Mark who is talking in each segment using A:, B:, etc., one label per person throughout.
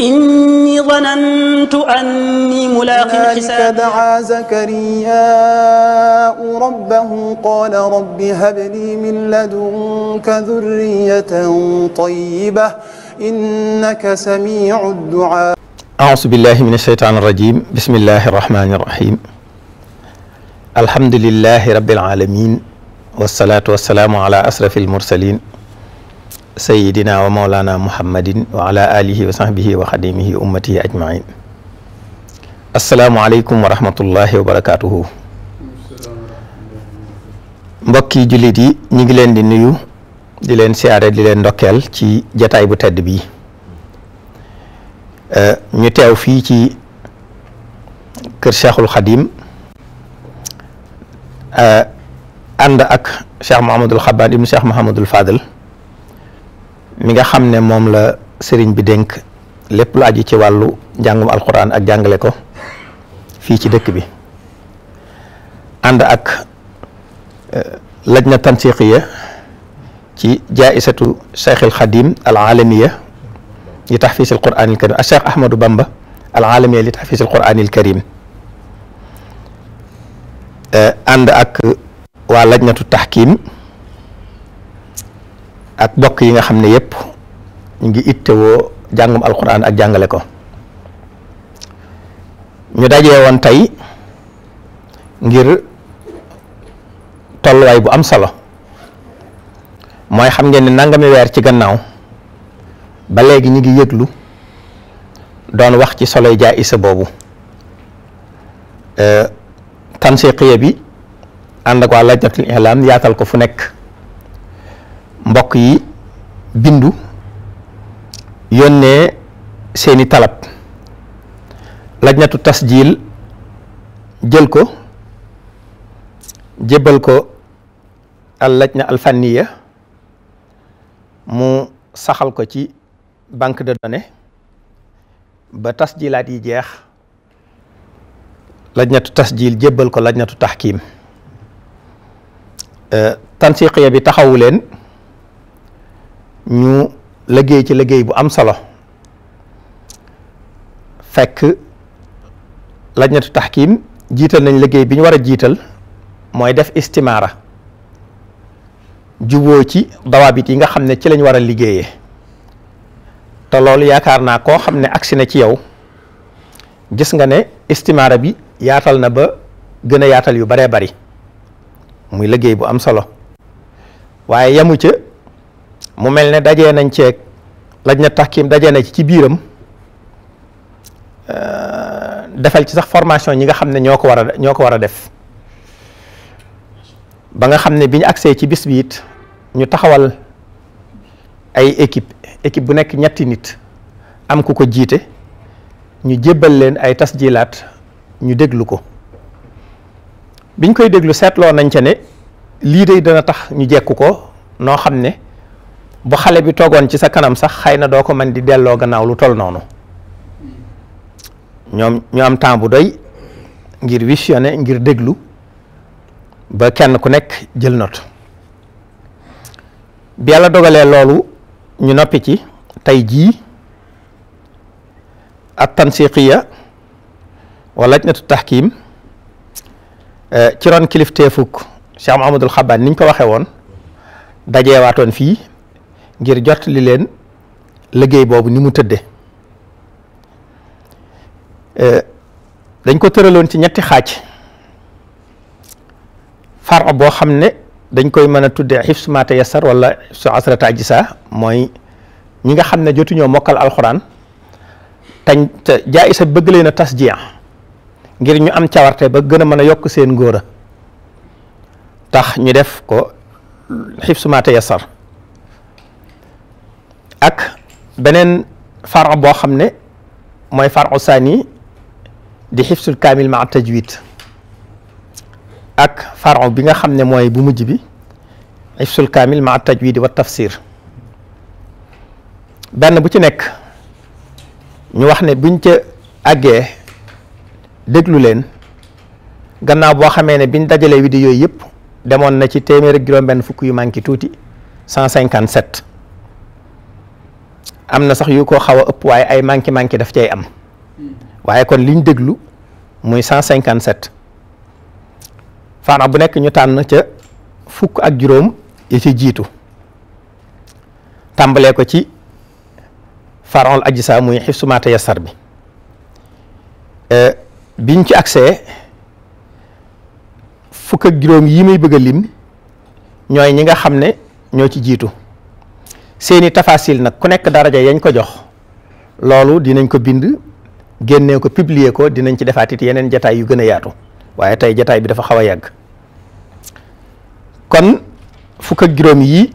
A: إني ظننت أني ملاق حسابي دعا زكرياء ربه قال رب هب لي من لدنك ذرية طيبة إنك سميع الدعاء أعوذ بالله من الشيطان الرجيم بسم الله الرحمن الرحيم الحمد لله رب العالمين والصلاة والسلام على أشرف المرسلين sayidina wa maulana muhammadin wa ala alihi wa sahbihi wa xadimihi ummatihi ajmain asalaamualeykum wa rahmatullahi wa barakatuhu mbokki jullit yi ñu ngi leen di nuyu di leen siyaare di leen ndokkeel ci jataay bu tedd bi eh, ñu teew fii ci kër cheikhul xadim eh, ànd ak cheikh mohamadul xaban ibnu cheikh mohamadul fadal mi nga xam ne moom la sëriñ bi dénk lépp lu aju ci wàllu njàngum alxuraan ak jàngale ko fii ci dëkk bi ànd ak euh, laj na tansiqiya ci jaaisatu cheikhil xadim al alamiya li taxfiisil quraanil karim bamba al alamiya li taxfiisil quraanil karim euh, ànd ak waa lajnatu taxkim ak bokk yi nga xam ne yëpp ñu ngi ittewoo jàngum alquran ak jàngale ko ñu dajee woon tey ngir tolluwaay bu am solo mooy xam ngeen ne nangami weer ci gannaaw ba léegi ñu ngi yëglu doon wax ci soloy jaa isa boobu tansiqiya bi ànd ak waa yaatal ko fu nekk mbokk yi bindu yónnee seeni talab lajnatu tasjil jël ko jébbal ko al lajna al fanniya mu saxal ko ci banque de données ba tasjilaat yi jeex lajnatu tasjil jébbal ko lajnatu tahkim euh, tansiqiya bi taxawu leen ñu liggéey ci liggéey bu am solo fekk lajnatu taxkiim jiital nañ liggéey bi ñu war a jiital mooy def istimaara juboo ci dawaabit yi nga xam ne ci lañ war a liggéeyee te loolu yaakaar naa koo xam ne agsi na ci yow gis nga ne istimaara bi yaatal na ba gën a yaatal yu baree bari muy liggéey bu am solo waaye yamu ca mu mel ne dajee nañ ceeg laj tax kiim dajee na ci ci biiram euh, defal ci sax formation ñi nga xam ne ñoo ko war ñoo ko war a def ba nga xam ne bi ñu agsee ci bis bi it ñu taxawal ay équipe équipe bu nekk ñetti nit am ku ko jiite ñu jébbal leen ay tas tasjilaat ñu déglu ko biñ koy déglu seetloo nañ ca ne lii day dana tax ñu jekk ko noo xam ne bu xale bi toogoon ci sa kanam sax xëy na doo ko mën di delloo gannaaw lu toll noonu ñoom ñu am temps bu doy ngir visionné ngir déglu ba kenn ku nekk jël note bi yàlla dogalee loolu ñu noppi ci tey jii at tansiqiya wala lajnatu tahkim eh, ci ron kilifteefuk Cheikh Mahamadul Xabaan xaban niñ ko waxee woon dajeewaatoon fii ngir jottali leen liggéey boobu ni mu tëdde eh, dañ ko tëraloon ci ñetti xaaj far boo xam ne dañ koy mën a tudde xifs ma tayassar walla xifsu asrata ajisa mooy ñi nga xam ne jotuñoo mokkal alxuraan tañ te jaay sa bëgg leen a tas jiyan ngir ñu am cawarte ba gën a mën a yokk seen ngóora tax ñu def ko xifsu ma yasar ak beneen far boo xam ne mooy faru saani di xifsul kaamil ma tajwid ak faru bi nga xam ne mooy bu mujj bi xifsul kaamil ma tajwid wa tafsir benn bu ci nekk ñu wax ne buñ ca àggee déglu leen gannaa boo xamee ne biñ dajalee vidéo yooyu yëpp demoon na ci téeméer ak juróom-benn fukk yu manqué tuuti 157 am na sax yu ko xaw a ëpp waaye ay manqué manqué def cey am waaye kon liñ déglu muy cent cinquante sept faana bu nekk ñu tànn ca fukk ak juróom yi ci jiitu tàmbalee ko ci faron ajisa muy xifsumaata yasar bi euh, biñ ci accès fukk ak juróom yi may bëgg a lim ñooy ñi nga xam ne ñoo ci jiitu seeni tafasil nag ku nekk daraja yañ ko jox loolu dinañ ko bind génnee ko publier ko dinañ ci defaatit yeneen jataay yu gën a yaatu waaye tey jataay bi dafa xaw a yàgg kon fukk ak juróom yi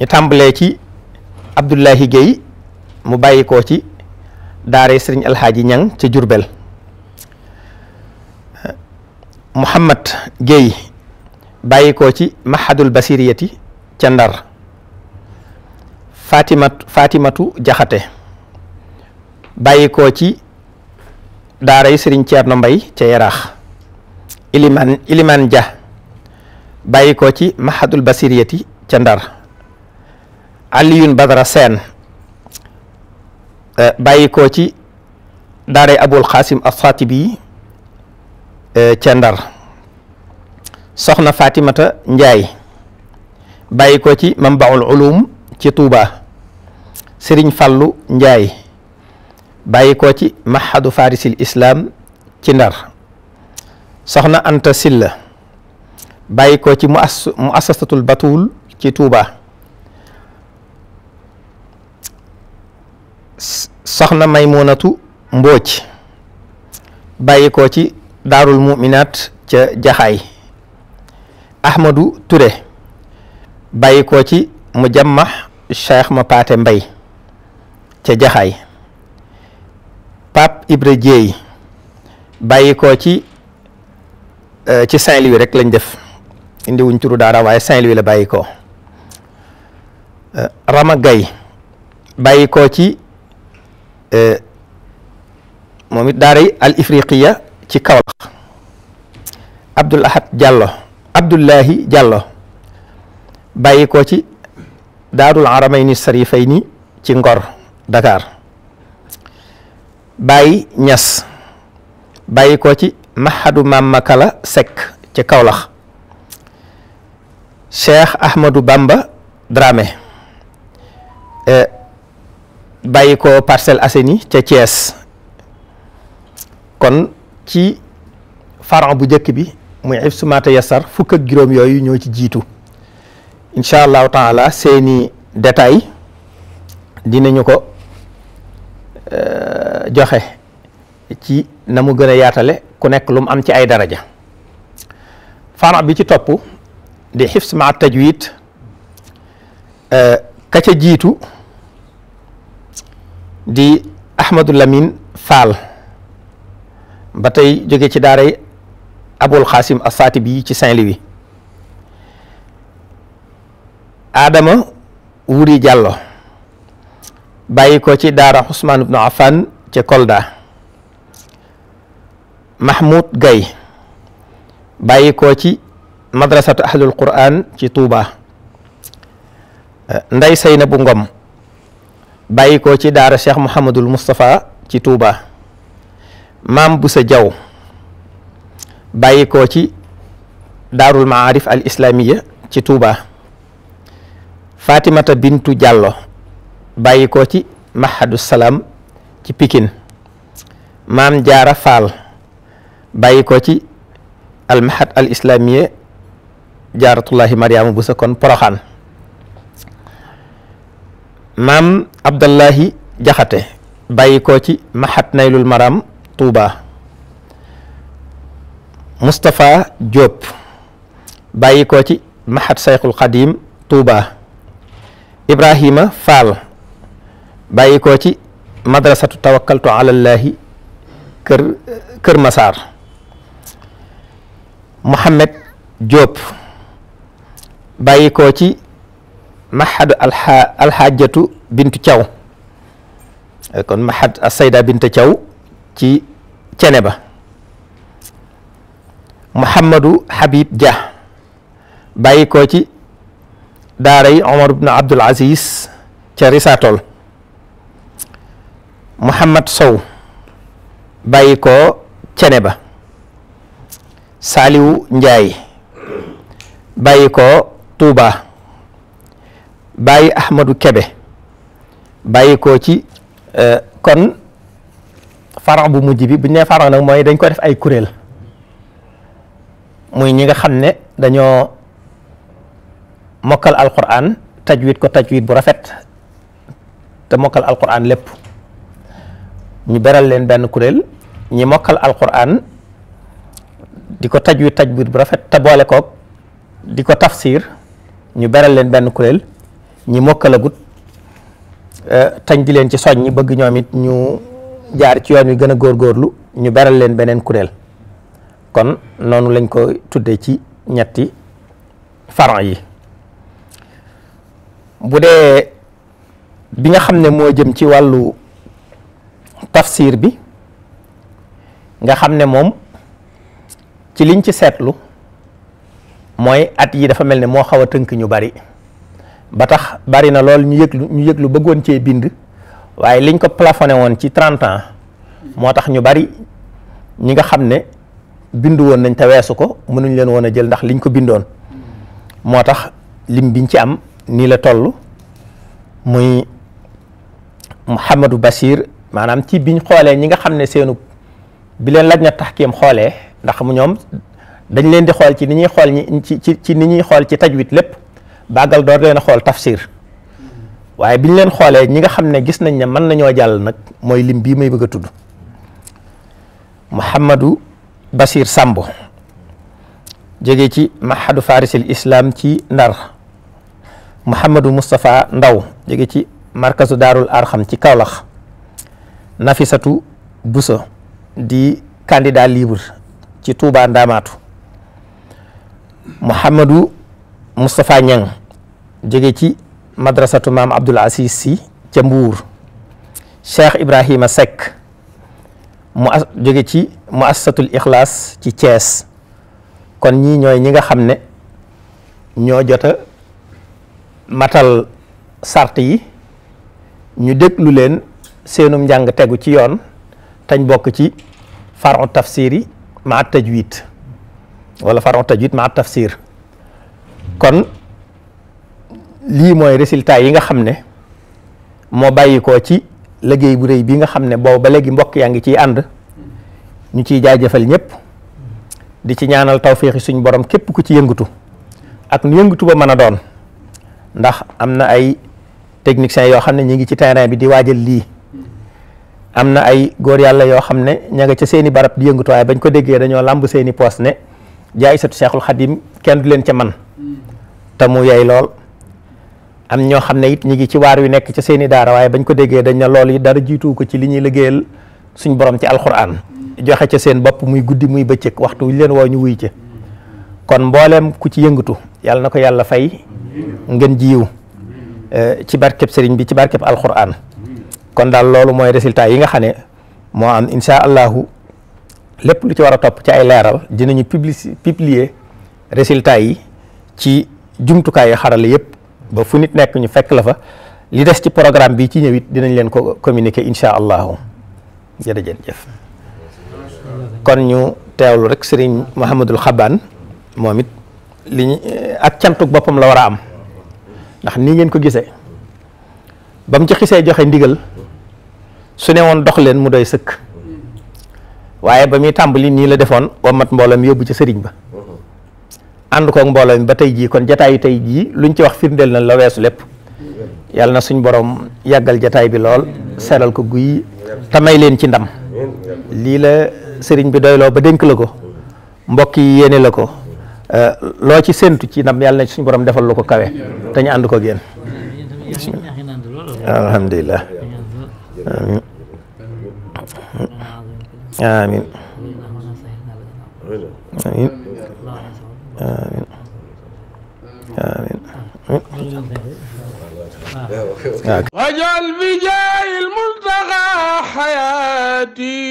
A: ñu tàmbalee ci Abdoulahi Guèye mu bàyyi ko ci daare sëriñ alxaaji ñan ca Jurbel Mouhamad Guèye bàyyi ko ci mahadul basiriyati ca Ndar Fatimat Fatimatu Jaxate bàyyi ko ci daaray Serigne Thierno Mbaye ca Yaraax Iliman Iliman Dia bàyyi ko ci Mahadul Basiriyati ca Ndar Aliyun Badara Seen eh, bàyyi ko ci daaray Abul Xaasim Asatibi eh, ca Ndar soxna Fatimata Njaay bàyyi ko ci Mambaul Ulum ci Touba sëriñ fàllu njaay bàyyi ko ci mahadu farisil islaam ci ndar soxna anta silla bàyyi ko ci mu as mu ci tuuba soxna maymunatu mbóoj bàyyi ko ci daarul muminaat ca jaxaay ahmadu ture bàyyi ko ci mu jàmmax cheikh ma paate mbay ca jaxaay Pape Ibra Dieye bàyyi ci eh, ci Saint-Louis rek lañ def indi wuñ turu daara waaye Saint-Louis la bàyyi ko eh, Rama Gaye bàyyi ci eh, moom it daara al ifriqiya ci Kaolack Abdoul Ahad Diallo Abdoulahi Diallo bàyyi ko ci daarul aramayni sarifayni ci Ngor Dakar bàyyi ñas bàyyi ko ci Mahadu Maam Makala Seck ci Kaolack Cheikh Ahmadou Bamba Dramé eh, bàyyi ko Parcelles Assainies ca Thiès kon ci faran bu njëkk bi muy ifsu ma tayassar juróom yooyu ñoo ci jiitu incha allahu taala seeni détail dinañu ko joxe ci namu gën a yaatale ku nekk lu am ci ay daraja fana bi ci topp di xifs ma tajwid ka ca jiitu di Ahmadu Lamin Faal ba tey jóge ci daaray Abul Xaasim Assaati bi ci Saint-Louis Adama Wuri Jàllo bàyyi ko ci daara Ousmane ibnu Affan ci Kolda Mahmoud Gaye bàyyi ko ci madrasatu ahlul Qur'an ci Touba eh, Ndey Seynabu Ngom bàyyi ko ci daara Cheikh Mouhamadul mustafa ci tuuba Maam Busa Jaw bàyyi ko ci daarul maarif al islamiya ci tuuba faatimata Bintu Diallo bàyyi ko ci mahadu salaam ci pikin maam jaara faal bàyyi ko ci al mahad al islamiye jaaratullahi mariama bu sa kon poroxaan maam abdallahi jaxate bàyyi ko ci mahad naylul maram Touba mustafa Diop bàyyi ko ci mahad sayxul xadim Touba Ibrahima Fall bàyyi koo ci madrasatu tawakkaltu alallaahi kër Masaar Mouhamed Diop bàyyi koo ci alhaajatu alxa alxaajatu bintu Thiaw kon mahad asayda bintu Thiaw ci cene ba Mouhamadou Habib ja bàyyi koo ci daaray Omar ibnu Abdul Aziz ca Mouhamad Sow bàyyi ko cene ba Saliou Ndiaye bàyyi ko Touba bàyyi Ahmadou Kebe bàyyi ko ci e, kon farax bu mujj bi bu ñu nee nag mooy dañ ko def ay kuréel muy ñi nga xam ne dañoo mokkal alquran tajwid ko tajwid bu rafet te mokkal alquran lépp ñu beral leen benn kuréel ñi mokkal alquran di ko taj wi taj biir bu rafet te boole koog di ko tafsir ñu beral leen benn kuréel ñi mokkalagut euh, tañ di leen ci soññi bëgg ñoom it ñu jaar ci yoon wi gën a góor góorlu ñu beral leen beneen kuréel kon noonu lañ ko tuddee ci ñetti faran yi bu dee bi nga xam ne moo jëm ci wàllu tafsir bi nga xam ne moom ci liñ ci seetlu mooy at yi dafa mel ni moo xaw a tënk ñu bari ba tax bari na lool ñu yëglu ñu yëglu bëggoon cee bind waaye liñ ko plafonné woon ci 30 ans moo tax ñu bari ñi nga xam ne bind woon nañ te weesu ko mënuñ leen woon a jël ndax liñ ko bindoon moo tax lim biñ ci am nii la toll muy Mouhamadou Bachir maanaam ci biñ xoolee ñi nga xam ne seenu bi leen laj na taxkiim xoolee ndax mu ñoom dañ leen di xool ci ni ñuy xool ñi ci ci ci ni ñuy xool ci tajwid lépp bagal door leen a xool tafsir waaye biñ leen xoolee ñi nga xam ne gis nañ ne man nañoo jàll nag mooy lim bii may bëgg a tudd Mouhamadou Basir Sambo jege ci Mahadu Farisil Islam ci Ndar Mouhamadou Moustapha Ndaw jege ci markazu daarul arxam ci Kaolack Nafisatu Bousso di candidat libre ci Touba Ndamaatu Mouhamadou Moustapha Niang jóge ci madrasatu maam Abdoul Aziz ca Mbuur Cheikh Ibrahima Seck mu as jóge ci muassatul ci Thiès kon ñii ñooy ñi nga xam ne ñoo jot a matal sart ñu déglu leen seenum njàng tegu ci yoon tañ bokk ci faron tafsir yi ma at tajwid wala faron tajwid ma at tafsir kon lii mooy résultat yi nga xam ne moo bàyyi ko ci liggéey bu rëy bii nga xam ne boobu ba léegi mbokk yaa ngi ciy ànd ñu ciy jaajëfal ñëpp di ci ñaanal tawféexi suñ borom képp ku ci yëngatu ak nu yëngatu ba mën a doon ndax am na ay techniciens yoo xam ne ñu ngi ci terrain bi di waajal lii am na ay góor yàlla yoo xam ne ña nga ca seeni barab di yëngatu waaye bañ ko déggee dañoo làmb seeni i poos ne jaaysatu seexul xadim kenn du leen ca man te mu yey lool am ñoo xam ne it ñi ngi ci waar wi nekk ca seen i daara waaye bañ ko déggee dañ na lool yi dara jiitu ko ci li ñuy liggéeyal suñ borom ci alxuraan joxe ca seen bopp muy guddi muy bëccëg waxtu leen woo ñu wuy ca kon mbooleem ku ci yëngatu yàlla na ko yàlla fay ngeen jiw eh, ci barkeb sëriñ bi ci barkeb alxuraan kon daal loolu mooy résultat yi nga xam ne moo am incha allahu lépp lu ci war a topp ci ay leeral dinañu publici piblier résultat yi ci jumtukaayu xarala yëpp ba fu nit nekk ñu fekk la fa li des ci programme bi ci ñëwit dinañ leen ko communiquer incha allahu jërëjëf kon ñu teewlu rek sëriñ Mouhamadul xaban moom it li ñu eh, ak cantuk boppam la war a am ndax nii ngeen ko gisee ba mu ci xisee joxe ndigal. su ne woon dox leen mu doy sëkk waaye ba muy tàmbali nii la defoon wammat mbooloo mi yóbbu ci sëriñ ba ànd koog mbooloo ba tey jii kon jataayu tey jii luñ ci wax firndeel nañ la weesu lépp yàlla na suñ boroom yàggal jataay bi lool seral ko guy te leen ci ndam lii la sëriñ bi loo ba dénk la ko mbokk yi yéene la ko euh, loo ci séntu ci ndam yàlla na suñ borom defal lu ko kawe te ñu ànd ko génn amin amin amin amin amin واجعل بجاه الملتقى حياتي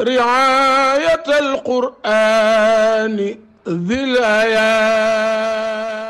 A: رعاية القرآن ذي الآيات